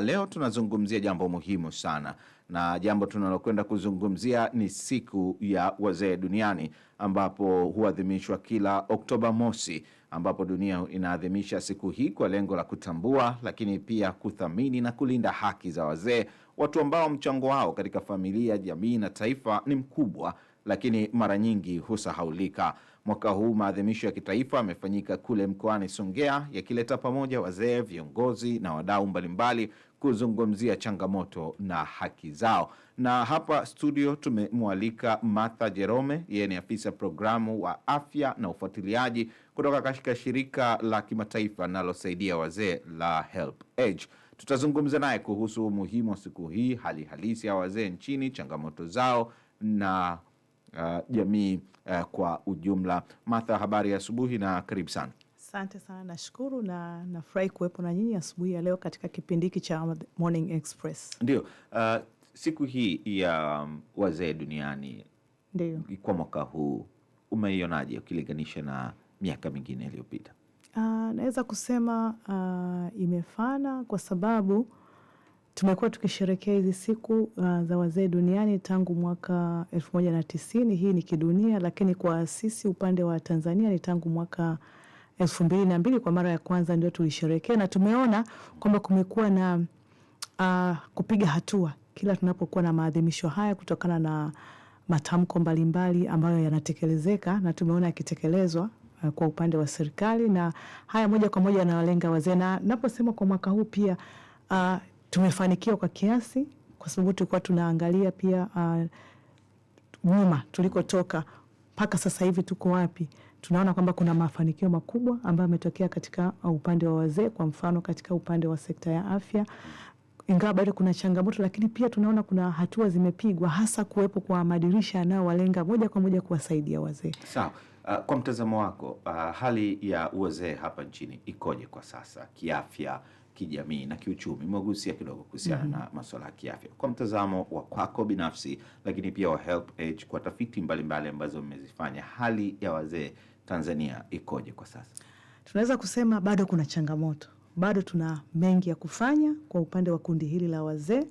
Leo tunazungumzia jambo muhimu sana, na jambo tunalokwenda kuzungumzia ni siku ya wazee duniani ambapo huadhimishwa kila Oktoba mosi, ambapo dunia inaadhimisha siku hii kwa lengo la kutambua, lakini pia kuthamini na kulinda haki za wazee, watu ambao mchango wao katika familia, jamii na taifa ni mkubwa, lakini mara nyingi husahaulika. Mwaka huu maadhimisho ya kitaifa yamefanyika kule mkoani Songea, yakileta pamoja wazee, viongozi na wadau mbalimbali kuzungumzia changamoto na haki zao. Na hapa studio tumemwalika Martha Jerome, yeye ni afisa programu wa afya na ufuatiliaji kutoka katika shirika la kimataifa linalosaidia wazee la Help Age. Tutazungumza naye kuhusu umuhimu wa siku hii, hali halisi ya wazee nchini, changamoto zao na Uh, jamii uh, kwa ujumla. Martha, habari ya asubuhi na karibu sana. Asante sana, nashukuru na nafurahi kuwepo na nyinyi asubuhi ya leo katika kipindi hiki cha Morning Express. Ndio, uh, siku hii ya um, wazee duniani ndio kwa mwaka huu umeionaje ukilinganisha na miaka mingine iliyopita? Uh, naweza kusema uh, imefana kwa sababu Tumekuwa tukisherekea hizi siku uh, za wazee duniani tangu mwaka elfu moja na tisini. Hii ni kidunia, lakini kwa sisi upande wa Tanzania ni tangu mwaka elfu mbili na mbili kwa mara ya kwanza ndio tulisherekea na tumeona kwamba kumekuwa na uh, kupiga hatua kila tunapokuwa na maadhimisho haya kutokana na matamko mbalimbali ambayo yanatekelezeka na tumeona yakitekelezwa uh, kwa upande wa serikali, na haya moja kwa moja yanawalenga wazee, na naposema kwa mwaka huu pia uh, Tumefanikiwa kwa kiasi, kwa sababu tulikuwa tunaangalia pia uh, nyuma tulikotoka mpaka sasa hivi tuko wapi. Tunaona kwamba kuna mafanikio makubwa ambayo yametokea katika uh, upande wa wazee, kwa mfano katika upande wa sekta ya afya ingawa bado kuna changamoto, lakini pia tunaona kuna hatua zimepigwa, hasa kuwepo kwa madirisha yanayowalenga moja kwa moja kuwasaidia wazee. Sawa. Uh, kwa mtazamo wako, uh, hali ya wazee hapa nchini ikoje kwa sasa kiafya? kijamii na kiuchumi. Umegusia kidogo kuhusiana mm -hmm. na masuala ya kiafya kwa mtazamo wa kwako binafsi, lakini pia wa HelpAge kwa tafiti mbalimbali ambazo mmezifanya, hali ya wazee Tanzania ikoje kwa sasa? Tunaweza kusema bado kuna changamoto, bado tuna mengi ya kufanya kwa upande wa kundi hili la wazee.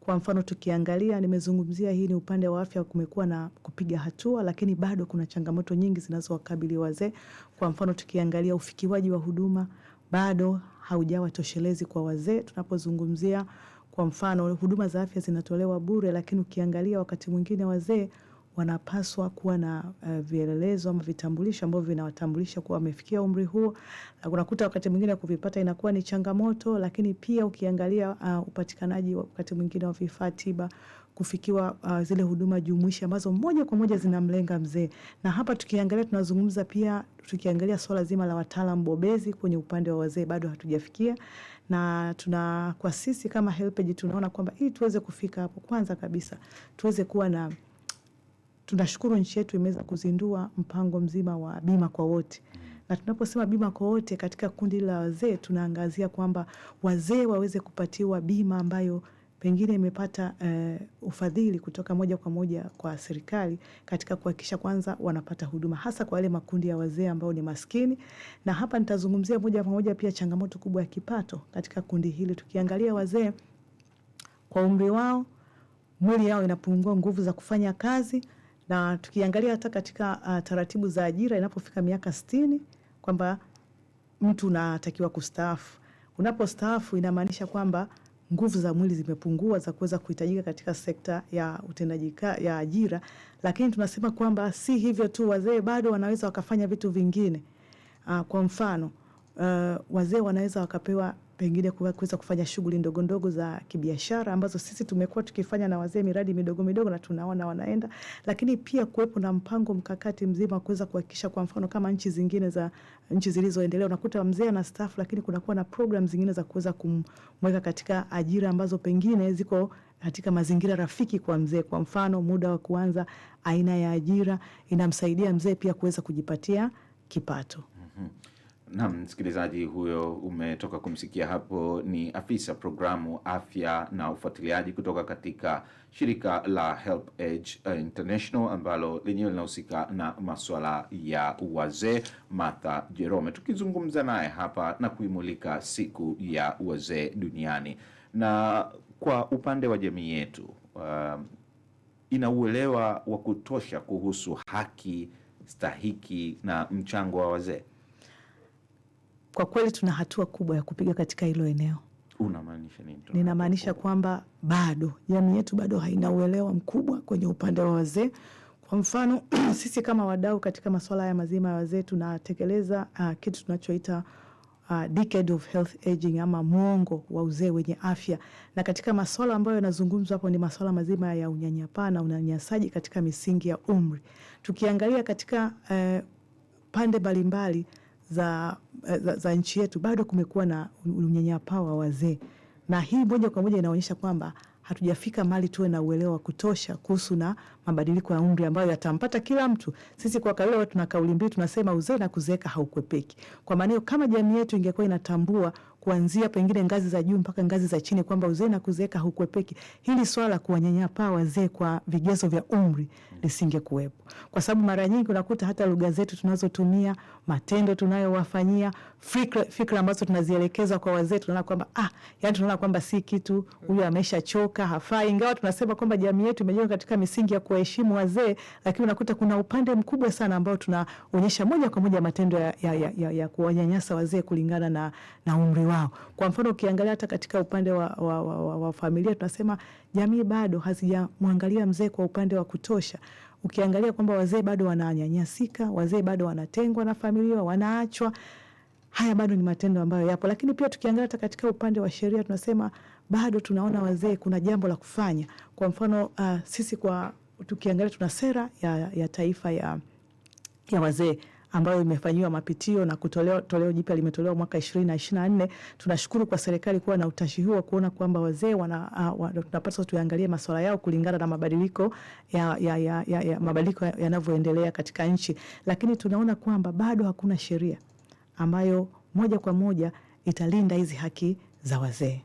Kwa mfano tukiangalia, nimezungumzia hii ni upande wa afya, kumekuwa na kupiga hatua, lakini bado kuna changamoto nyingi zinazowakabili wazee. Kwa mfano tukiangalia ufikiwaji wa huduma bado haujawa toshelezi kwa wazee. Tunapozungumzia kwa mfano huduma za afya zinatolewa bure, lakini ukiangalia wakati mwingine wazee wanapaswa kuwa na uh, vielelezo ama vitambulisho ambavyo vinawatambulisha kuwa wamefikia umri huo. Unakuta wakati mwingine kuvipata inakuwa ni changamoto, lakini pia ukiangalia uh, upatikanaji wakati mwingine wa vifaa tiba kufikiwa uh, zile huduma jumuishi ambazo moja kwa moja zinamlenga mzee. Na hapa tukiangalia, tunazungumza pia, tukiangalia swala zima la wataalam bobezi kwenye upande wa wazee bado hatujafikia, na tuna kwa sisi kama HelpAge tunaona kwamba ili tuweze kufika hapo, kwanza kabisa tuweze kuwa na tunashukuru nchi yetu imeweza kuzindua mpango mzima wa bima kwa wote na tunaposema bima kwa wote katika kundi la wazee, tunaangazia kwamba wazee waweze kupatiwa bima ambayo pengine imepata uh, ufadhili kutoka moja kwa moja kwa serikali katika kuhakikisha kwanza wanapata huduma hasa kwa wale makundi ya wazee ambao ni maskini. Na hapa nitazungumzia moja kwa moja pia changamoto kubwa ya kipato katika kundi hili. Tukiangalia wazee kwa umri wao, mwili yao inapungua nguvu za kufanya kazi na tukiangalia hata katika uh, taratibu za ajira inapofika miaka sitini kwamba mtu unatakiwa kustaafu. Unapostaafu inamaanisha kwamba nguvu za mwili zimepungua za kuweza kuhitajika katika sekta ya utendaji ya ajira, lakini tunasema kwamba si hivyo tu, wazee bado wanaweza wakafanya vitu vingine. Uh, kwa mfano uh, wazee wanaweza wakapewa pengine kuweza kufanya shughuli ndogo ndogo za kibiashara ambazo sisi tumekuwa tukifanya na wazee miradi midogo midogo, na tunaona wanaenda, lakini pia kuwepo na mpango mkakati mzima wa kuweza kuhakikisha, kwa mfano kama nchi zingine za nchi zilizoendelea, unakuta mzee staff, lakini kunakuwa na program zingine za kuweza kumweka katika ajira ambazo pengine ziko katika mazingira rafiki kwa mzee. Kwa mfano, muda wa kuanza aina ya ajira inamsaidia mzee pia kuweza kujipatia kipato. mm -hmm. Naam, msikilizaji huyo umetoka kumsikia hapo, ni afisa programu afya na ufuatiliaji kutoka katika shirika la Help Age International ambalo lenyewe linahusika na masuala ya wazee, Martha Jerome, tukizungumza naye hapa na kuimulika siku ya wazee duniani. Na kwa upande wa jamii yetu uh, ina uelewa wa kutosha kuhusu haki stahiki na mchango wa wazee? kwa kweli tuna hatua kubwa ya kupiga katika hilo eneo. Unamaanisha nini? Ninamaanisha kwamba bado jamii yetu bado haina uelewa mkubwa kwenye upande wa wazee. Kwa mfano sisi kama wadau katika masuala haya mazima ya wazee tunatekeleza uh, kitu tunachoita uh, decade of health aging ama mwongo wa uzee wenye afya, na katika masuala ambayo yanazungumzwa hapo ni masuala mazima ya unyanyapaa na unyanyasaji katika misingi ya umri, tukiangalia katika uh, pande mbalimbali za, eh, za, za nchi yetu bado kumekuwa na unyanyapaa wa wazee, na hii moja kwa moja inaonyesha kwamba hatujafika mali tuwe na uelewa wa kutosha kuhusu na mabadiliko ya umri ambayo yatampata kila mtu. Sisi kwa kawaida tuna kauli mbiu tunasema uzee na kuzeeka haukwepeki. Kwa maana hiyo, kama jamii yetu ingekuwa inatambua kuanzia pengine ngazi za juu mpaka ngazi za chini, kwamba uzee na kuzeeka hukwepeki. Hili swala la kuwanyanyapaa wazee kwa vigezo vya umri lisingekuwepo, kwa sababu mara nyingi unakuta hata lugha zetu tunazotumia, matendo tunayowafanyia, fikra, fikra ambazo tunazielekeza kwa wazee, tunaona kwamba ah, yani tunaona kwamba si kitu, huyu ameshachoka, hafai. Ingawa tunasema kwamba jamii yetu imejengwa katika misingi ya kuwaheshimu wazee, lakini unakuta kuna upande mkubwa sana ambao tunaonyesha moja kwa moja matendo ya, ya, ya, ya, ya kuwanyanyasa wazee kulingana na, na umri wao. Kwa mfano ukiangalia hata katika upande wa, wa, wa, wa, wa familia tunasema jamii bado hazijamwangalia mzee kwa upande wa kutosha. Ukiangalia kwamba wazee bado wananyanyasika, wazee bado wanatengwa na familia, wanaachwa. Haya bado ni matendo ambayo yapo, lakini pia tukiangalia hata katika upande wa sheria tunasema bado tunaona wazee kuna jambo la kufanya. Kwa mfano uh, sisi kwa tukiangalia tuna sera ya, ya taifa ya, ya wazee ambayo imefanyiwa mapitio na kutolewa, toleo jipya limetolewa mwaka 2024. Tunashukuru kwa serikali kuwa na utashi huo kuona kwamba wazee wana uh, tunapaswa tuangalie masuala yao kulingana na mabadiliko ya, ya, ya, ya, ya mabadiliko yanavyoendelea katika nchi, lakini tunaona kwamba bado hakuna sheria ambayo moja kwa moja italinda hizi haki za wazee.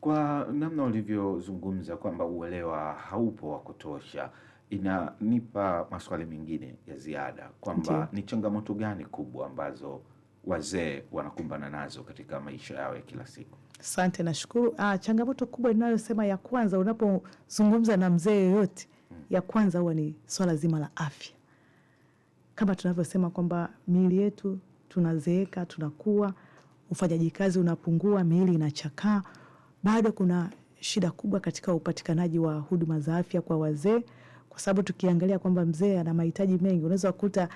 Kwa namna ulivyozungumza kwamba uelewa haupo wa kutosha inanipa maswali mengine ya ziada kwamba ni changamoto gani kubwa ambazo wazee wanakumbana nazo katika maisha yao ya kila siku. Asante, nashukuru. Ah, changamoto kubwa inayosema ya kwanza unapozungumza na mzee yoyote hmm, ya kwanza huwa ni swala zima la afya, kama tunavyosema kwamba miili yetu tunazeeka, tunakuwa, ufanyaji kazi unapungua, miili inachakaa. Bado kuna shida kubwa katika upatikanaji wa huduma za afya kwa wazee kwa sababu tukiangalia kwamba mzee ana mahitaji mengi, unaweza kukuta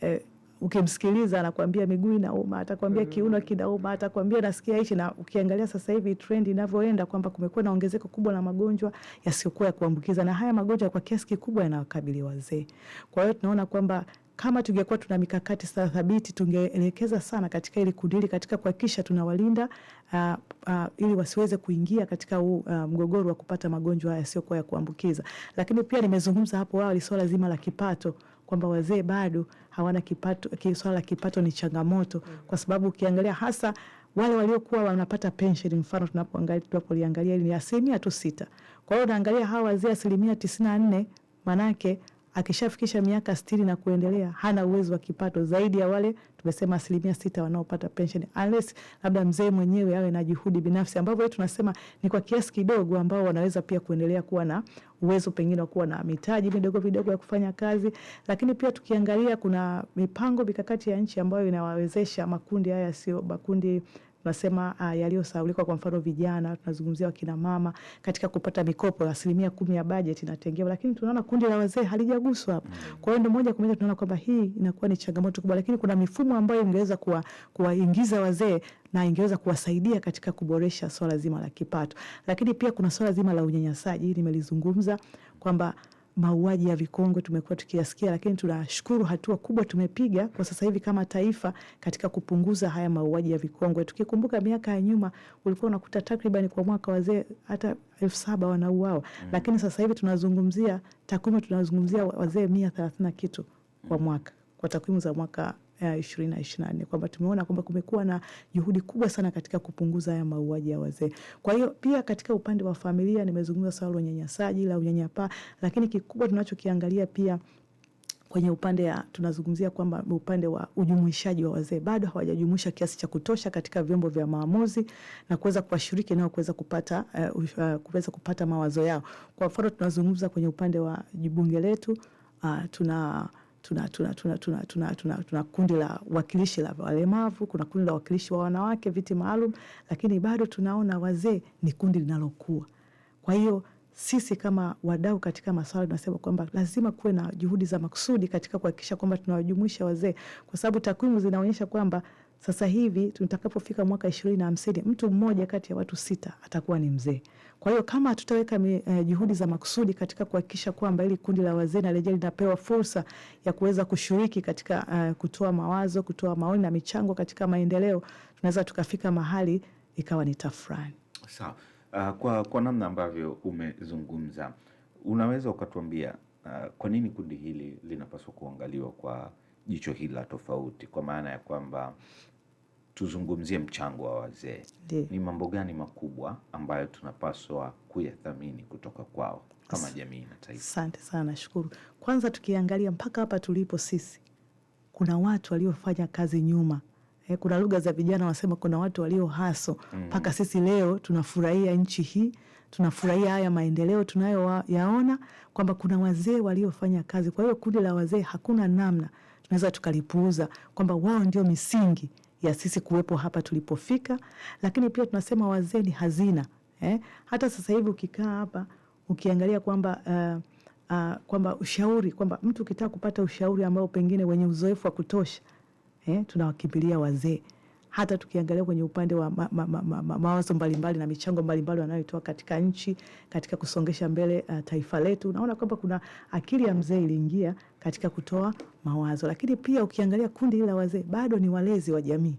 eh, ukimsikiliza anakwambia miguu inauma, atakwambia mm. kiuno kinauma, atakwambia nasikia hichi. Na ukiangalia sasa hivi trend inavyoenda kwamba kumekuwa na ongezeko kubwa la magonjwa yasiyokuwa ya kuambukiza, na haya magonjwa kwa kiasi kikubwa yanawakabili wazee. Kwa hiyo tunaona kwamba kama tungekuwa tuna mikakati thabiti, tungeelekeza sana katika ili kundili katika kuhakikisha tunawalinda uh, uh, ili wasiweze kuingia katika uh, mgogoro wa kupata magonjwa yasiyokuwa ya kuambukiza. Lakini pia nimezungumza hapo awali swala zima la kipato kwamba wazee bado hawana kipato. Swala la kipato ni changamoto kwa sababu ukiangalia hasa wale waliokuwa wanapata pensheni, mfano tunapoliangalia ni asilimia tu sita. Kwa hiyo unaangalia hawa wazee asilimia tisini na nne manake akishafikisha miaka sitini na kuendelea hana uwezo wa kipato zaidi ya wale tumesema asilimia sita wanaopata pensheni, unless labda mzee mwenyewe awe na juhudi binafsi, ambavyo tunasema ni kwa kiasi kidogo, ambao wanaweza pia kuendelea kuwa na uwezo pengine wa kuwa na mitaji midogo midogo ya kufanya kazi. Lakini pia tukiangalia, kuna mipango mikakati ya nchi ambayo inawawezesha makundi haya, sio makundi tunasema uh, ah, yaliyosaulika, kwa mfano vijana, tunazungumzia wakina mama katika kupata mikopo, asilimia kumi ya bajeti inatengewa, lakini tunaona kundi la wazee halijaguswa hapa. Mm. Kwa hiyo ndio moja kwa moja tunaona kwamba hii inakuwa ni changamoto kubwa, lakini kuna mifumo ambayo ingeweza kuwaingiza kuwa wazee na ingeweza kuwasaidia katika kuboresha swala zima la kipato, lakini pia kuna swala zima la unyanyasaji, nimelizungumza kwamba mauaji ya vikongwe tumekuwa tukiyasikia, lakini tunashukuru hatua kubwa tumepiga kwa sasa hivi kama taifa katika kupunguza haya mauaji ya vikongwe. Tukikumbuka miaka ya nyuma, ulikuwa unakuta takriban kwa mwaka wazee hata elfu saba wanauawa mm. Lakini sasa hivi tunazungumzia takwimu, tunazungumzia wazee mia thelathini na kitu kwa mwaka, kwa takwimu za mwaka ishirini na ishirini na nne kwamba tumeona kwamba kumekuwa na juhudi kubwa sana katika kupunguza haya mauaji ya wazee. Kwa hiyo pia katika upande wa familia nimezungumza swala la unyanyasaji la unyanyapaa, lakini kikubwa tunachokiangalia pia kwenye upande ya tunazungumzia kwamba upande wa ujumuishaji wa wazee bado hawajajumuisha kiasi cha kutosha katika vyombo vya maamuzi na kuweza kuwashiriki nao kuweza kupata, uh, uh, kuweza kupata mawazo yao. Kwa mfano tunazungumza kwenye upande wa bunge letu uh, tuna tuna, tuna, tuna, tuna, tuna, tuna, tuna kundi la wakilishi la walemavu, kuna kundi la wakilishi wa wanawake viti maalum, lakini bado tunaona wazee ni kundi linalokuwa. Kwa hiyo sisi kama wadau katika masuala tunasema kwamba lazima kuwe na juhudi za makusudi katika kuhakikisha kwamba tunawajumuisha wazee, kwa sababu takwimu zinaonyesha kwamba sasa hivi tutakapofika mwaka ishirini na hamsini mtu mmoja kati ya watu sita atakuwa ni mzee. Kwa hiyo kama hatutaweka uh, juhudi za makusudi katika kuhakikisha kwamba ili kundi la wazee na lenyewe linapewa fursa ya kuweza kushiriki katika uh, kutoa mawazo, kutoa maoni na michango katika maendeleo, tunaweza tukafika mahali ikawa ni tafurani. Sawa. Uh, kwa, kwa namna ambavyo umezungumza, unaweza ukatuambia uh, kwa nini kundi hili linapaswa kuangaliwa kwa jicho hili la tofauti, kwa maana ya kwamba tuzungumzie mchango wa wazee. Ni mambo gani makubwa ambayo tunapaswa kuyathamini kutoka kwao kama jamii na taifa? Asante sana nashukuru. Kwanza tukiangalia mpaka hapa tulipo sisi, kuna watu waliofanya kazi nyuma eh, kuna lugha za vijana wasema, kuna watu walio haso mm. mpaka mm. sisi leo tunafurahia nchi hii tunafurahia haya maendeleo tunayoyaona, kwamba kuna wazee waliofanya kazi. Kwa hiyo kundi la wazee hakuna namna tunaweza tukalipuuza kwamba wao ndio misingi ya sisi kuwepo hapa tulipofika, lakini pia tunasema wazee ni hazina eh. Hata sasa hivi ukikaa hapa ukiangalia kwamba uh, Uh, kwamba ushauri kwamba mtu ukitaka kupata ushauri ambao pengine wenye uzoefu wa kutosha eh, tunawakimbilia wazee hata tukiangalia kwenye upande wa ma, ma, ma, ma, ma, mawazo mbalimbali na michango mbalimbali wanayotoa katika nchi katika kusongesha mbele uh, taifa letu, naona kwamba kuna akili ya mzee iliingia katika kutoa mawazo, lakini pia ukiangalia kundi hili la wazee bado ni walezi wa jamii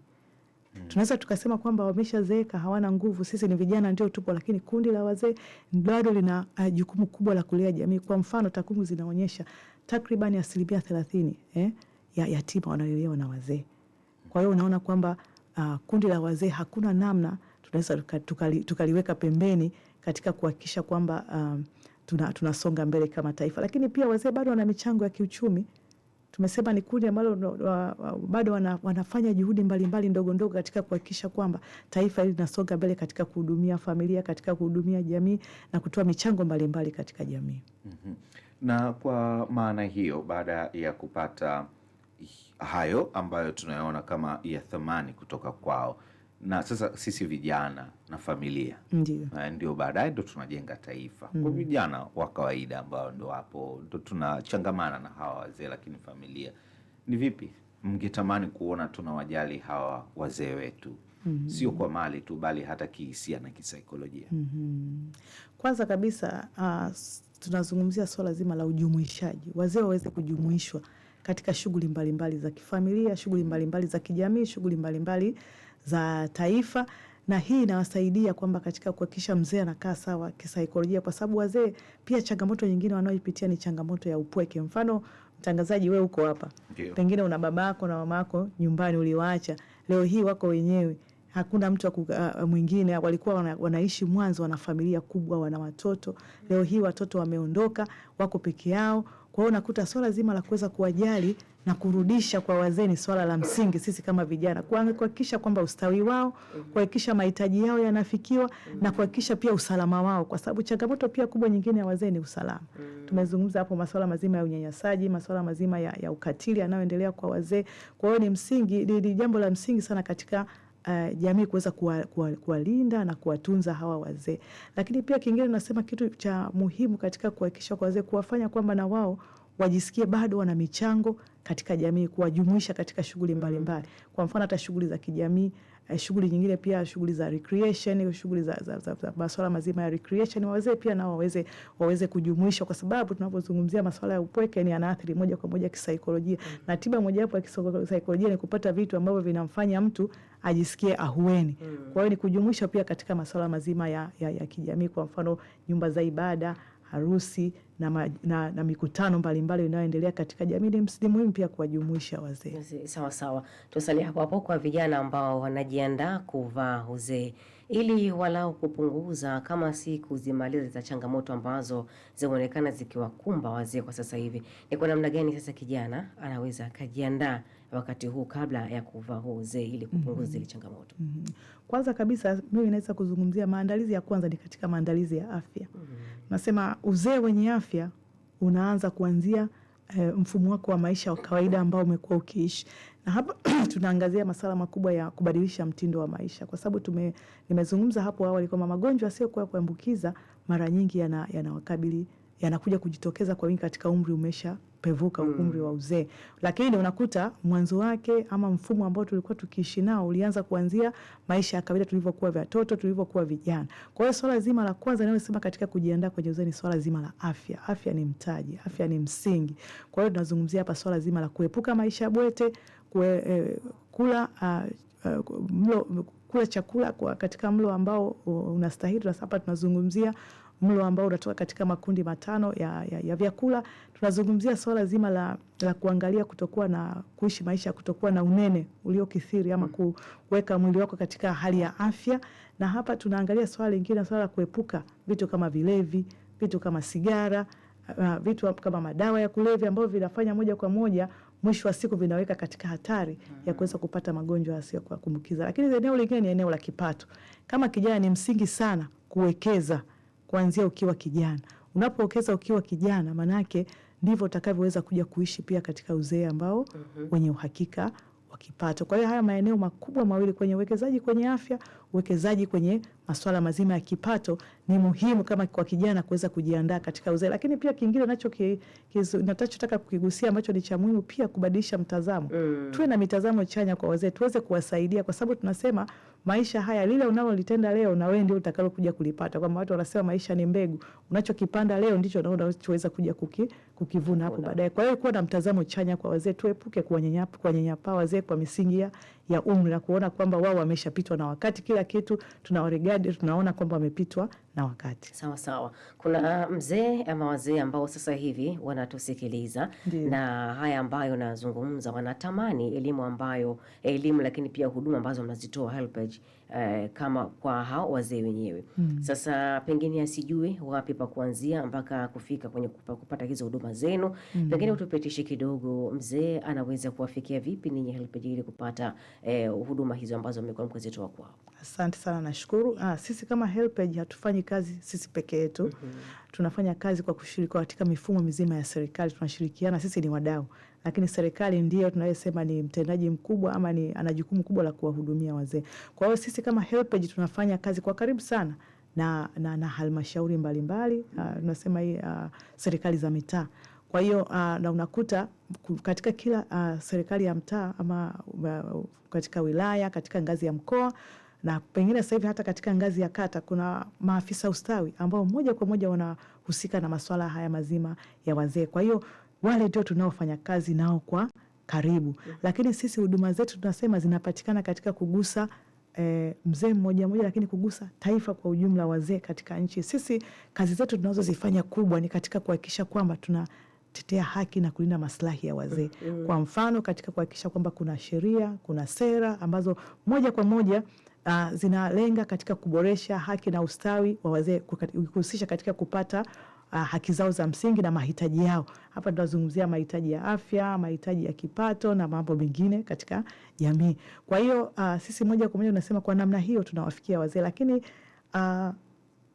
hmm. tunaweza tukasema kwamba wameshazeeka, hawana nguvu. Sisi ni vijana ndio tupo, lakini kundi la wazee bado lina uh, jukumu kubwa la kulea jamii. Kwa mfano, takwimu zinaonyesha takriban asilimia thelathini eh, ya yatima wanalelewa na wazee. Kwa hiyo unaona kwamba uh, kundi la wazee hakuna namna tunaweza tukali, tukaliweka pembeni katika kuhakikisha kwamba um, tuna, tunasonga mbele kama taifa. Lakini pia wazee bado wana michango ya kiuchumi. Tumesema ni kundi ambalo bado wana, wanafanya juhudi mbalimbali ndogo ndogo katika kuhakikisha kwamba taifa hili linasonga mbele katika kuhudumia familia, katika kuhudumia jamii na kutoa michango mbalimbali katika jamii. Mm -hmm. Na kwa maana hiyo baada ya kupata hayo ambayo tunayaona kama ya thamani kutoka kwao, na sasa sisi vijana na familia ndio ndio baadaye ndo tunajenga taifa mm. Kwa vijana wa kawaida ambao ndo wapo ndo tunachangamana na hawa wazee, lakini familia ni vipi mngetamani kuona tunawajali hawa wazee wetu? Mm -hmm. Sio kwa mali tu bali hata kihisia na kisaikolojia. Mm -hmm. Kwanza kabisa uh, tunazungumzia swala zima la ujumuishaji, wazee waweze kujumuishwa katika shughuli mbalimbali za kifamilia, shughuli mbalimbali za kijamii, shughuli mbalimbali za taifa, na hii inawasaidia kwamba katika kuhakikisha mzee anakaa sawa kisaikolojia, kwa sababu wazee pia changamoto nyingine wanaoipitia ni changamoto ya upweke. Mfano mtangazaji, wewe uko hapa, pengine una baba yako na mama yako nyumbani, uliwaacha, leo hii wako wenyewe hakuna mtu uh, mwingine. Walikuwa wana, wanaishi mwanzo, wana familia kubwa, wana watoto. Leo hii watoto wameondoka, wako peke yao, kwa hiyo unakuta swala zima la kuweza kuwajali na kurudisha kwa wazee ni swala la msingi, sisi kama vijana, kuhakikisha kwamba ustawi wao, kuhakikisha mahitaji yao yanafikiwa na kuhakikisha pia usalama wao, kwa sababu changamoto pia kubwa nyingine ya wazee ni usalama. Tumezungumza hapo masuala mazima ya unyanyasaji, masuala mazima ya, ya ukatili yanayoendelea kwa wazee. Kwa hiyo ni msingi, ni jambo la msingi sana katika uh, jamii kuweza kuwalinda na kuwatunza hawa wazee. Lakini pia kingine nasema kitu cha muhimu katika kuhakikisha kwa wazee kuwafanya kwamba na wao wajisikie bado wana michango katika jamii, kuwajumuisha katika shughuli mbalimbali, kwa mfano hata shughuli za kijamii Eh, shughuli nyingine pia shughuli za recreation, shughuli za, za, za, za masuala mazima ya recreation waweze pia nao waweze waweze kujumuishwa, kwa sababu tunapozungumzia masuala ya upweke ni anaathiri moja kwa moja kisaikolojia, mm. na tiba mojawapo ya kisaikolojia ni kupata vitu ambavyo vinamfanya mtu ajisikie ahueni. Mm. Kwa hiyo ni kujumuisha pia katika masuala mazima ya, ya, ya kijamii, kwa mfano nyumba za ibada harusi na, ma, na, na mikutano mbalimbali inayoendelea katika jamii. Ni msingi muhimu pia kuwajumuisha wazee. Sawa sawa, tusalie hapo hapo kwa vijana ambao wanajiandaa kuvaa uzee, ili walau kupunguza kama si kuzimaliza za changamoto ambazo zinaonekana zikiwakumba wazee kwa sasa hivi, ni kwa namna gani sasa kijana anaweza akajiandaa wakati huu kabla ya kuvaa huu uzee ili kupunguza mhm. zile mm -hmm. changamoto mm -hmm. Kwanza kabisa mimi naweza kuzungumzia maandalizi ya kwanza ni katika maandalizi ya afya mm -hmm. Nasema uzee wenye afya unaanza kuanzia eh, mfumo wako wa maisha wa kawaida ambao umekuwa ukiishi na hapa tunaangazia masuala makubwa ya kubadilisha mtindo wa maisha, kwa sababu nimezungumza hapo awali kwamba magonjwa yasiyokuwa ya kuambukiza mara nyingi yanawakabili yanakuja kujitokeza kwa wingi katika umri umesha pevuka mm. umri wa uzee, lakini unakuta mwanzo wake ama mfumo ambao tulikuwa tukiishi nao ulianza kuanzia maisha ya kawaida tulivyokuwa vyatoto, tulivyokuwa vijana. Kwa hiyo swala zima la kwanza inayosema katika kujiandaa kwenye uzee ni swala zima la afya. Afya ni mtaji, afya ni msingi. Kwa hiyo tunazungumzia hapa swala zima la kuepuka maisha bwete, kue, eh, kula uh, uh, mlo, kula chakula kwa katika mlo ambao unastahili. Hapa tunazungumzia mlo ambao unatoka katika makundi matano ya, ya, ya vyakula. Tunazungumzia swala zima la, la kuangalia kutokuwa na kuishi maisha kutokuwa na unene uliokithiri ama kuweka mwili wako katika hali ya afya, na hapa tunaangalia swala lingine, swala la kuepuka vitu kama vilevi, vitu kama sigara Uh, uh vitu kama madawa ya kulevya ambavyo vinafanya moja kwa moja mwisho wa siku vinaweka katika hatari ya kuweza kupata magonjwa yasiyo kwa kuambukiza. Lakini eneo lingine ni eneo la kipato. Kama kijana, ni msingi sana kuwekeza kuanzia ukiwa kijana. Unapowekeza ukiwa kijana, manake ndivyo utakavyoweza kuja kuishi pia katika uzee ambao mm -hmm. wenye uhakika wa kipato. Kwa hiyo haya maeneo makubwa mawili kwenye uwekezaji kwenye afya, uwekezaji kwenye masuala mazima ya kipato ni muhimu kama kwa kijana kuweza kujiandaa katika uzee. Lakini pia kingine nachotaka kukigusia ambacho ni cha muhimu pia kubadilisha mtazamo mm. Tuwe na mitazamo chanya kwa wazee, tuweze kuwasaidia kwa sababu tunasema maisha haya, lile unalolitenda leo na wewe ndio utakalo kuja kulipata, kwamba watu wanasema maisha ni mbegu, unachokipanda leo ndicho unachoweza kuja kuki, kukivuna hapo baadaye. Kwa hiyo kuwa na mtazamo chanya kwa wazee, tuepuke kuwanyanyapa wazee kwa misingi ya ya umri na kuona kwamba wao wameshapitwa na wakati, kila kitu tunawaregadi, tunaona kwamba wamepitwa na wakati. Sawa sawa. Kuna ah, mzee ama wazee ambao sasa hivi wanatusikiliza Ndiyo. na haya ambayo nazungumza, wanatamani elimu ambayo elimu, lakini pia huduma ambazo mnazitoa HelpAge eh, kama kwa hao wazee wenyewe mm. Sasa pengine asijue wapi pa kuanzia mpaka kufika kwenye kupata hizo huduma zenu mm. Pengine utupitishe kidogo, mzee anaweza kuwafikia vipi ninyi HelpAge ili kupata eh, huduma hizo ambazo mmekuwa mkizitoa kwao? Asante sana, nashukuru. Ah, sisi kama HelpAge hatufanyi kazi sisi peke yetu mm -hmm. Tunafanya kazi kwa kushirikiana katika mifumo mizima ya serikali, tunashirikiana, sisi ni wadau lakini serikali ndio tunayosema ni mtendaji mkubwa ama ni ana jukumu kubwa la kuwahudumia wazee. Kwa hiyo sisi kama Helpage tunafanya kazi kwa karibu sana na, na, na halmashauri mbalimbali uh, tunasema hii uh, serikali za mitaa. Kwa hiyo uh, na unakuta katika kila uh, serikali ya mtaa ama uh, katika wilaya, katika ngazi ya mkoa na pengine sasa hivi hata katika ngazi ya kata kuna maafisa ustawi ambao moja kwa moja wanahusika na masuala haya mazima ya wazee. Kwa hiyo wale ndio tunaofanya kazi nao kwa karibu, mm. lakini sisi huduma zetu tunasema zinapatikana katika kugusa E, mzee mmoja mmoja, lakini kugusa taifa kwa ujumla, wazee katika nchi. Sisi kazi zetu tunazozifanya kubwa ni katika kuhakikisha kwamba tunatetea haki na kulinda maslahi ya wazee. Mm, mm. Kwa mfano, katika kuhakikisha kwamba kuna sheria, kuna sera ambazo moja kwa moja uh, zinalenga katika kuboresha haki na ustawi wa wazee, kuhusisha katika kupata uh, haki zao za msingi na mahitaji yao. Hapa tunazungumzia mahitaji ya afya, mahitaji ya kipato na mambo mengine katika jamii. Kwa hiyo uh, sisi moja kwa moja tunasema kwa namna hiyo tunawafikia wazee, lakini uh,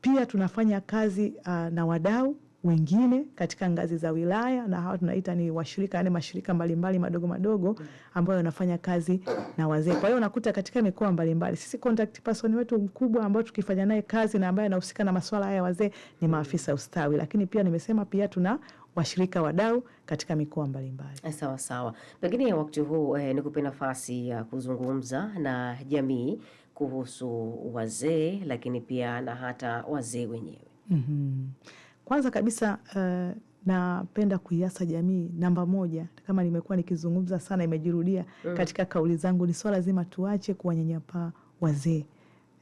pia tunafanya kazi uh, na wadau wengine katika ngazi za wilaya na hawa tunaita ni washirika, yani mashirika mbalimbali madogo madogo ambayo wanafanya kazi na wazee. Kwa hiyo unakuta katika mikoa mbalimbali, sisi contact person wetu mkubwa ambao tukifanya naye kazi na ambaye anahusika na masuala haya wazee ni maafisa ustawi, lakini pia nimesema pia tuna washirika wadau katika mikoa mbalimbali. Eh, sawa sawa, pengine wakati huu eh, nikupe nafasi ya kuzungumza na jamii kuhusu wazee, lakini pia na hata wazee wenyewe mm -hmm. Kwanza kabisa uh, napenda kuiasa jamii namba moja, kama nimekuwa nikizungumza sana, imejirudia mm. katika kauli zangu, ni swala zima tuache kuwanyanyapaa wazee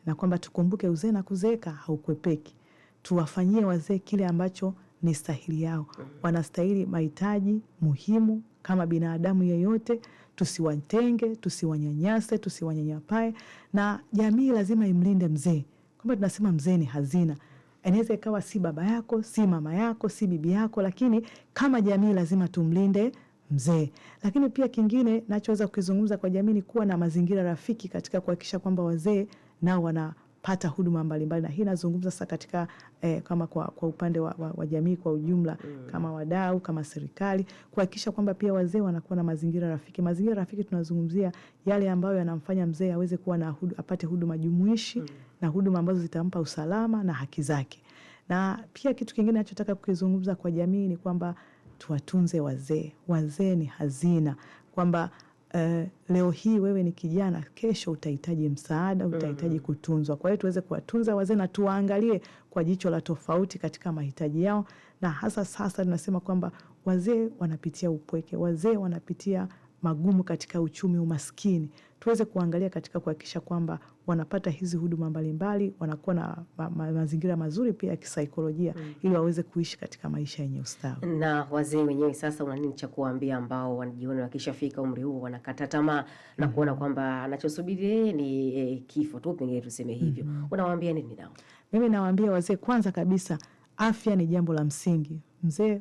na kwamba tukumbuke uzee na kuzeeka haukwepeki. Tuwafanyie wazee kile ambacho ni stahili yao, mm. wanastahili mahitaji muhimu kama binadamu yeyote. Tusiwatenge, tusiwanyanyase, tusiwanyanyapae, na jamii lazima imlinde mzee, kwamba tunasema mzee ni hazina anaweza ikawa si baba yako, si mama yako, si bibi yako, lakini kama jamii lazima tumlinde mzee. Lakini pia kingine nachoweza kukizungumza kwa jamii ni kuwa na mazingira rafiki katika kuhakikisha kwamba wazee nao wana pata huduma mbalimbali na hii nazungumza sasa katika eh, kama kwa, kwa upande wa, wa, wa jamii kwa ujumla mm. Kama wadau kama serikali kuhakikisha kwamba pia wazee wanakuwa na mazingira rafiki. Mazingira rafiki tunazungumzia yale ambayo yanamfanya mzee aweze kuwa na hudu, apate huduma jumuishi mm na huduma ambazo zitampa usalama na haki zake. Na pia kitu kingine nachotaka kukizungumza kwa jamii ni kwamba tuwatunze wazee. Wazee ni hazina, kwamba Uh, leo hii wewe ni kijana, kesho utahitaji msaada, utahitaji mm. kutunzwa. Kwa hiyo tuweze kuwatunza wazee na tuwaangalie kwa jicho la tofauti katika mahitaji yao, na hasa sasa tunasema kwamba wazee wanapitia upweke, wazee wanapitia magumu katika uchumi, umaskini, tuweze kuangalia katika kuhakikisha kwamba wanapata hizi huduma mbalimbali, wanakuwa na ma ma mazingira mazuri pia ya kisaikolojia mm. ili waweze kuishi katika maisha yenye ustawi. Na wazee wenyewe sasa, una nini cha kuwaambia ambao wanajiona wakishafika umri huo wanakata tamaa na mm. kuona kwamba anachosubiri yeye ni e, kifo tu, pengine tuseme hivyo mm. unawaambia nini nao? Mimi nawaambia wazee, kwanza kabisa afya ni jambo la msingi. Mzee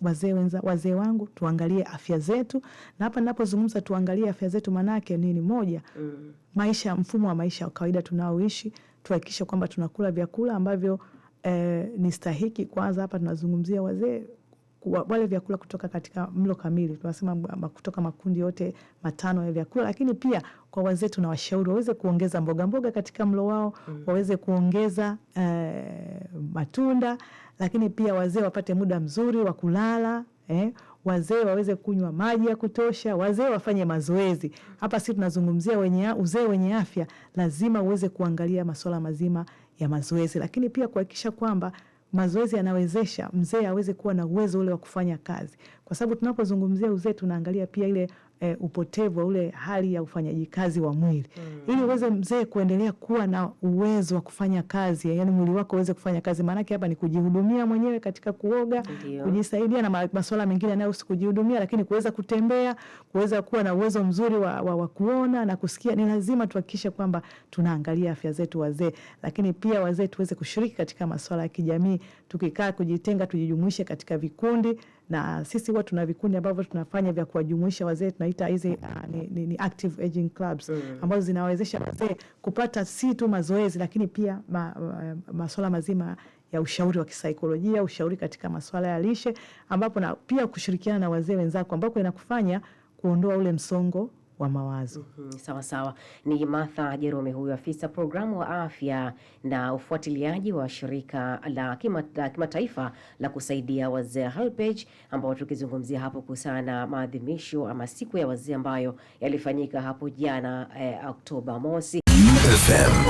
wazee wenza wazee wangu, tuangalie afya zetu, na hapa ninapozungumza tuangalie afya zetu, manake nini? Moja, mm. maisha, mfumo wa maisha wa kawaida tunaoishi, tuhakikishe kwamba tunakula vyakula ambavyo eh, ni stahiki. Kwanza hapa tunazungumzia wazee wale vyakula kutoka katika mlo kamili, tunasema kutoka makundi yote matano ya vyakula. Lakini pia kwa wazee tunawashauri waweze kuongeza mboga mboga katika mlo wao mm. waweze kuongeza eh, matunda, lakini pia wazee wapate muda mzuri wa kulala eh, wazee waweze kunywa maji ya kutosha, wazee wafanye mazoezi. Hapa si tunazungumzia wenye uzee wenye afya, lazima uweze kuangalia masuala mazima ya mazoezi, lakini pia kuhakikisha kwamba mazoezi yanawezesha mzee aweze kuwa na uwezo ule wa kufanya kazi, kwa sababu tunapozungumzia uzee tunaangalia pia ile eh, upotevu wa ule hali ya ufanyaji kazi wa mwili mm. ili uweze mzee kuendelea kuwa na uwezo wa kufanya kazi, yani mwili wako uweze kufanya kazi. Maanake hapa ni kujihudumia mwenyewe katika kuoga Ndiyo. kujisaidia na masuala mengine yanayohusu kujihudumia, lakini kuweza kutembea, kuweza kuwa na uwezo mzuri wa, wa, wa kuona na kusikia. Ni lazima tuhakikishe kwamba tunaangalia afya zetu wazee, lakini pia wazee tuweze kushiriki katika masuala ya kijamii. Tukikaa kujitenga, tujijumuishe katika vikundi na sisi huwa tuna vikundi ambavyo tunafanya vya kuwajumuisha wazee, tunaita hizi uh, ni, ni, ni active aging clubs mm. ambazo zinawawezesha wazee kupata si tu mazoezi, lakini pia ma, ma, eh, masuala mazima ya ushauri wa kisaikolojia, ushauri katika masuala ya lishe, ambapo na pia kushirikiana na wazee wenzako, ambako inakufanya kuondoa ule msongo wa mawazo. Mm -hmm. Sawa sawa. Ni Martha Jerome huyu afisa programu wa afya na ufuatiliaji wa shirika la kimataifa kima la kusaidia wazee Helpage, ambao tukizungumzia hapo kuhusiana na maadhimisho ama siku ya wazee ambayo yalifanyika hapo jana eh, Oktoba mosi. FM